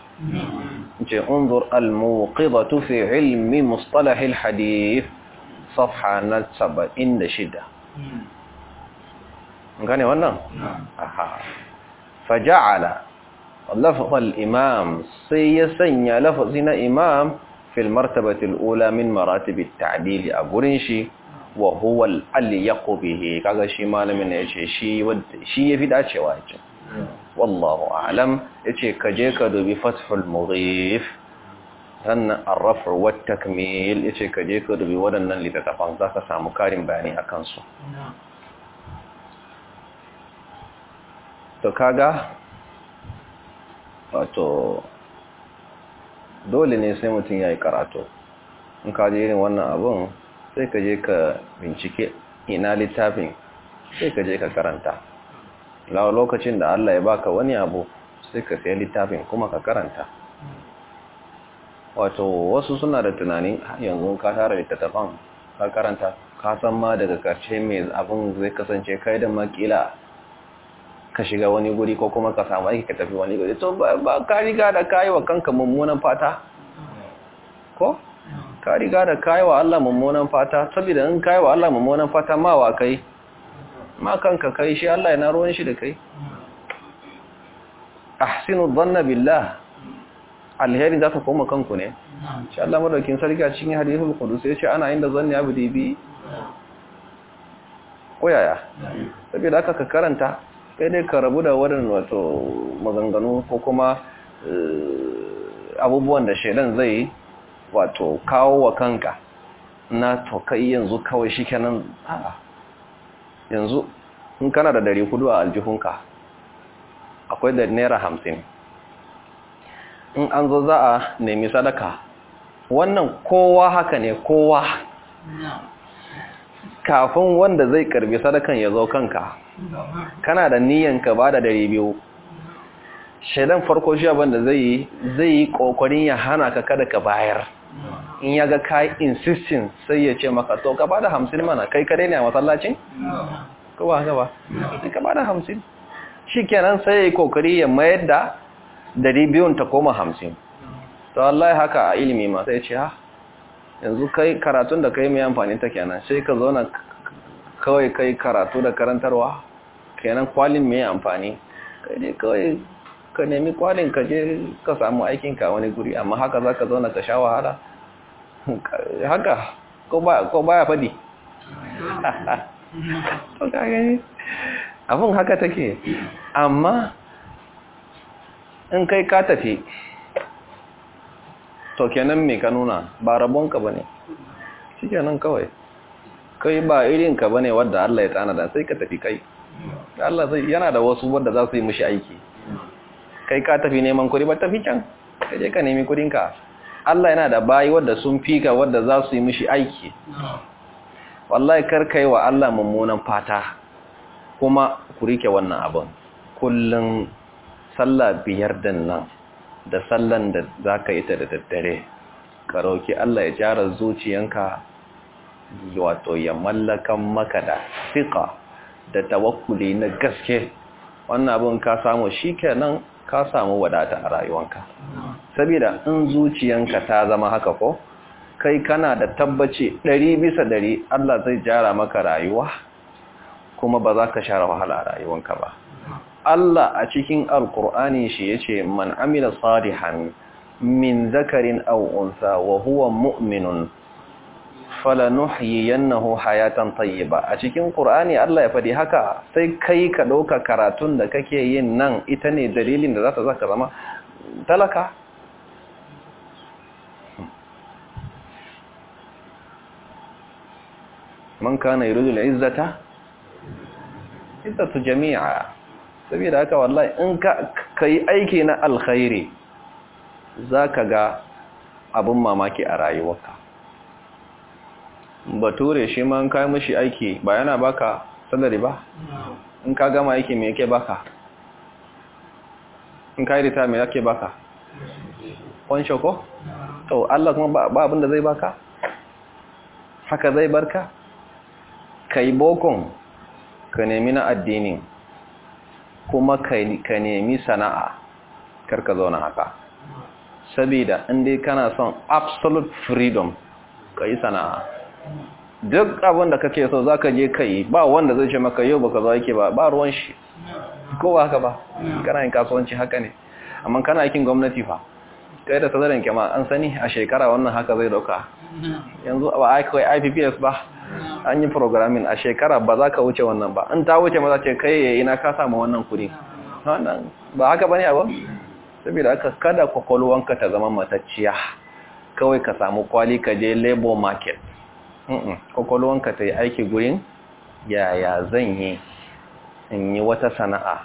انظر الموقظة في علم مصطلح الحديث صفحة نتسبة إن شدة مكاني ولا؟ نعم. فجعل لفظ الإمام سيسن لفظنا إمام fil martabatil ula min maratibit ta'dili a gurin shi wa huwa al-alyaqu bihi kaga shi malamin ne yace shi shi yafi dacewa yace wallahu a'lam yace ka je ka dubi fathul mudhif sannan ar-raf'u takmil yace ka je ka dubi wadannan littattafan zaka samu karin bayani akan su to kaga wato dole ne sai mutum ya yi karatu in ka je irin wannan abun sai ka je ka bincike ina littafin sai ka je ka karanta lawa lokacin da Allah ya baka wani abu sai ka sai littafin kuma ka karanta wato wasu suna da tunanin yanzu ka tara littattafan ka karanta ka san ma daga karshe mai abin zai kasance kai da makila ka shiga wani guri ko kuma ka samu aiki ka tafi wani guri to ba ka riga da kayi wa kanka mummunan fata ko ka riga da kayi wa Allah mummunan fata saboda in kayi wa Allah mummunan fata ma wa kai ma kanka kai shi Allah yana ruwan shi da kai ahsinu dhanna billah alheri za ka koma kanku ne insha Allah madaukin sarki a cikin hadithul qudus yace ana inda zanni abdi Ko koyaya saboda haka ka karanta sai dai ka rabu da wadannan wato maganganu ko kuma eh, abubuwan da shaidan zai wato kawo wa kanka na to kai yanzu kawai shi kenan yanzu in kana da dari hudu a aljihunka akwai da naira hamsin in an zo za a nemi sadaka wannan kowa haka ne kowa kafin wanda zai karbi sadakan ya zo kanka kana da niyan ka ba da dare biyu shaidan farko shi abinda zai yi zai yi kokarin ya hana ka kada ka bayar in ya ga ka insistin sai ya ce maka to ka bada hamsin mana kai kare ne a masallacin? ko ba haka ba ka bada hamsin shi kenan sai ya yi kokari ya mayar da dare biyun ta koma hamsin to Allah haka a ilimi ma sai ce ha yanzu kai karatun da kai mai amfani ta kenan sai ka zauna kawai kai karatu da karantarwa kenan kwalin mai amfani kai ne kawai ka nemi kwalin ka je ka samu aikinka wani guri amma haka za ka zauna ka sha wahala haka ko baya faɗi abin haka take amma in kai ka tafi to kenan mai ka nuna ba rabon ka bane. shi kenan kawai kai ba irin ka bane wadda Allah ya tsanada sai ka tafi kai Allah zai yana da wasu wanda za su yi mishi aiki kai ka tafi neman kuri ba tafi can ka je ka nemi kuɗinka Allah yana da bayi wanda sun fika wanda za su yi mishi aiki wallahi kar yi wa Allah mummunan fata kuma ku rike wannan abin kullum sallah biyar da nan da sallan da za ka yi ta da daddare ka Allah ya jara zuciyanka wato ya mallakan maka da fiqa da tawakkuli na gaske wannan abin ka samu shi shikenan ka samu wadata a rayuwanka saboda in zuciyanka ta zama haka ko kai kana da tabbaci ɗari bisa ɗari Allah zai jara maka rayuwa kuma ba za ka share wahala a rayuwanka ba Allah a cikin alkur'ani shi yace man amila salihan min zakarin aw unsa wa huwa mu'minun falanuhyiyannahu hayatan tayyiba a cikin ƙur'ani Allah ya fadi haka sai kai ka ɗauka karatun da kake yin nan ita ne dalilin da zata zaka zama talaka man kana yuridu al-izzata izzatu jami'a saboda haka wallahi in ka kai aiki na alkhairi zaka ga abin mamaki a rayuwarka bature shi ma in ka mishi aiki ba yana baka salari ba in ka gama aiki me yake baka in ka yi rita me yake baka kwansho ko to Allah kuma ba abinda zai baka haka zai barka ka yi bokon ka nemi na addinin kuma ka nemi sana'a karka zauna haka sabida inda kana son absolute freedom ka yi sana'a duk abin da kake so za ka je kai ba wanda zai ce maka yau baka za yake ba ba ruwan shi ko ba haka ba kana yin kasuwanci haka ne amma kana aikin gwamnati fa kai da tazarin kyama an sani a shekara wannan haka zai dauka yanzu ba kai IPPS ba an yi programming a shekara ba za ka wuce wannan ba in ta wuce ma za ce kai ina ka samu wannan kuɗi? ba haka ne abu saboda aka kada kwakwalwanka ta zama matacciya kawai ka samu kwali ka je labor market kwakwalwanka ta yi aiki gurin yaya zan yi in yi wata sana'a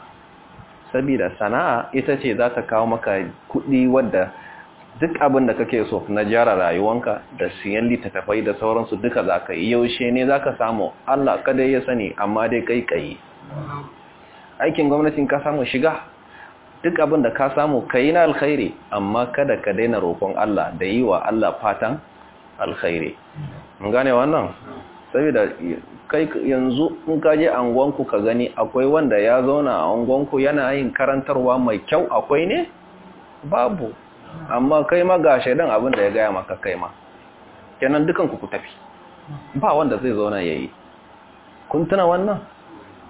sabida sana'a ita ce za ta kawo maka kuɗi wadda duk abin da kake so na jara rayuwanka da siyan littattafai da sauransu duka za ka yi yaushe ne za ka samu allah kada ya sani amma dai kai kai aikin gwamnatin ka samu shiga duk abin da ka samu ka yi na alkhairi amma kada ka daina roƙon allah da yi wa allah fatan alkhairi mun gane wannan saboda kai yanzu in ka je angonku ka gani akwai wanda ya zauna a angonku yana yin karantarwa mai kyau akwai ne babu amma kai ma ga shaidan abin da ya gaya maka kai ma kenan dukan ku tafi ba wanda zai zauna yayi kun tuna wannan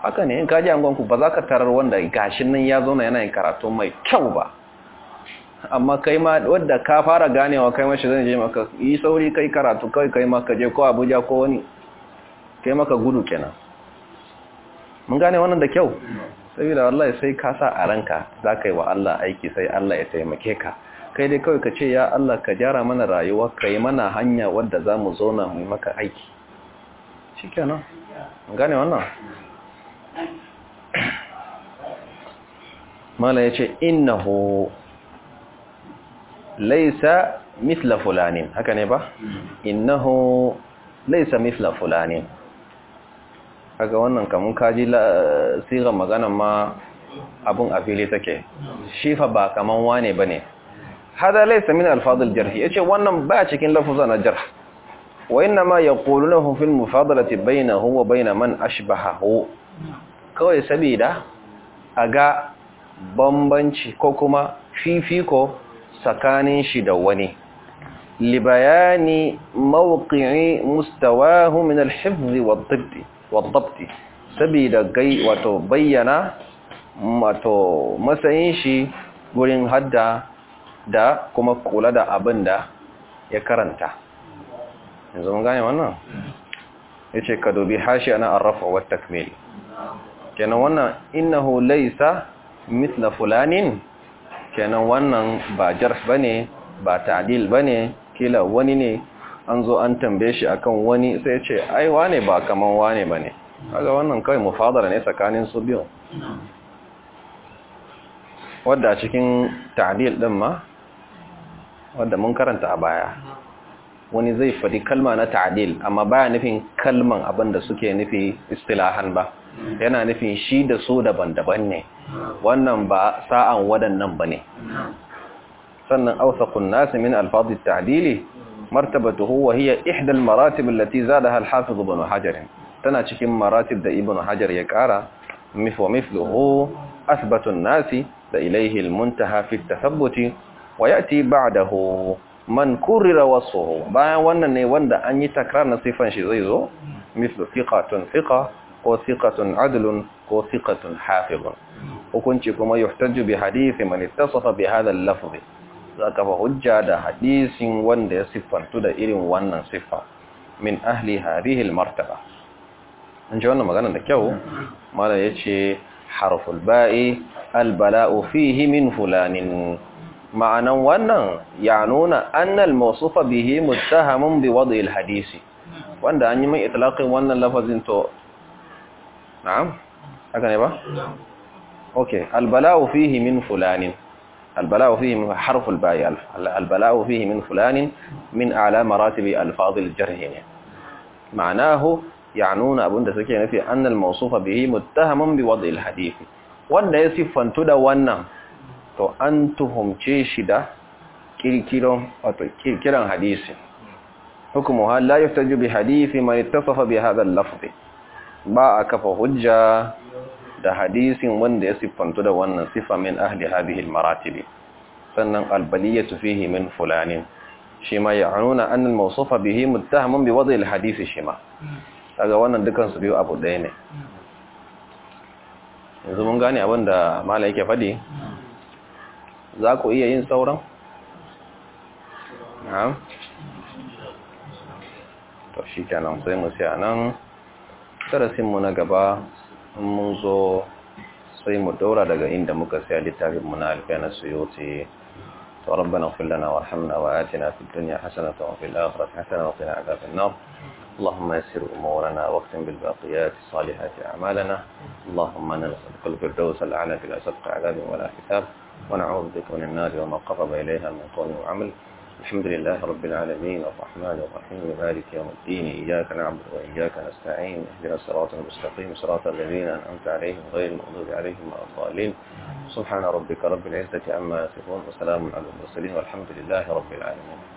haka ne in ka je angonku ba za ka tarar wanda gashin nan ya zauna yana yin karatu mai kyau ba amma kai ma wadda ka fara ganewa kai mashi zan je maka yi sauri kai karatu kai kai maka je ko abuja ko wani kai maka gudu kenan mun gane wannan da kyau saboda wallahi sai ka sa a ranka za ka yi wa Allah aiki sai Allah ya taimake ka kai dai kawai ka ce ya Allah ka gyara mana rayuwa ka yi mana hanya wadda za mu zauna mu yi maka aiki shi kenan mun gane wannan mala ya ce innahu laisa mithla fulanin haka ne ba innahu laisa mithla fulanin haka wannan kamun kaji siga maganan ma abun a fili take shifa ba kaman wane bane hada laisa min alfadul jarhi yace wannan ba cikin lafuzan na jarh wa inma yaqulunahu fil mufadalati bainahu wa bayna man ashbahahu kawai sabida aga bambanci ko kuma fifiko tsakanin shi da wani libayani mawqi'i mustawahu min al-hifz wad-dabt sabida gai wato bayyana wato matsayin shi wurin hadda da kuma kula da abin da ya karanta yanzu mun gane wannan yace ka dubi hashi ana arrafa wa takmil kenan wannan innahu laysa mithla fulanin kenan wannan ba jarh ne ba ta'dil ne kila wani ne an zo an tambaye shi akan wani sai ce ai wane ba kaman wane ne haka wannan kawai mufadara ne tsakanin su biyu wadda cikin ta'adil din ma wadda mun karanta a baya wani zai faɗi kalma na ta'adil amma baya nufin kalman abin da suke nufi istilahan ba yana nufin shi da su daban-daban ne wannan ba sa'an waɗannan ba ne sannan ausakun nasu min alfadis ta'adili martabatuhu wa hiya ihdal maratib allati zadaha al-hafiz ibn hajar tana cikin maratib da ibn hajar ya kara mif wa mithluhu athbatu an-nasi da ilayhi al-muntaha fi at-tathabbuti wa ya'ti ba'dahu man kurira wasfuhu bayan wannan ne wanda an yi takrar na sifan shi zai zo mislu thiqatun thiqa ko siƙatun adlun ko siƙatun hafizun hukunci kuma yuhtaju bi hadisi ta sofa bi hadha al Za ka fa hujja da hadisin wanda ya siffantu da irin wannan siffa min ahli hadhihi martaba an ji wannan magana da kyau mala yace harful ba'i al-bala'u fihi min fulanin ma'anan wannan ya nuna annal masufa bihi muttahamun bi wad'i hadisi wanda an yi mai itlaqin wannan lafazin to نعم haka ne اوكي okay فيه من فلان البلاء فيه من حرف الباء الف البلاء فيه من فلان من أعلى مراتب ألفاظ الجرح معناه يعنون أبن دسكي في أن الموصوف به متهم بوضع الحديث وأن يصف أن تدون تو أنتهم تشيشدا كل كيلو حديث حكمها لا يحتج بحديث من اتصف بهذا اللفظ ba a kafa hujja da hadisin wanda ya siffantu da wannan siffa min ahli hadhihi maratibi, sannan albaliyatu fihi min fulanin shima ya'nuna anna mawsufa bihi muttahamun bi wadi hadisi shima kaga wannan dukan su biyu abu ɗaya ne yanzu mun gane abin da malai yake faɗi za ku iya yin sauran na'am to shi kenan sai mu sai anan darasinmu na gaba mun zo sai mu daura daga inda muka sai littafinmu na alfiya na suyoti to rabbana ighfir lana warhamna wa atina fid dunya hasanatan wa fil akhirati hasanatan wa qina adhaban nar اللهم يسر امورنا واختم بالباقيات صالحات اعمالنا اللهم انا نسالك الفردوس الاعلى في الاسد عذاب ولا حساب ونعوذ بك من النار وما قرب اليها من قول وعمل الحمد لله رب العالمين الرحمن الرحيم مالك يوم الدين إياك نعبد وإياك نستعين اهدنا الصراط المستقيم صراط الذين أنعمت عليهم غير المغضوب عليهم ولا الضالين سبحان ربك رب العزة عما يصفون وسلام على المرسلين والحمد لله رب العالمين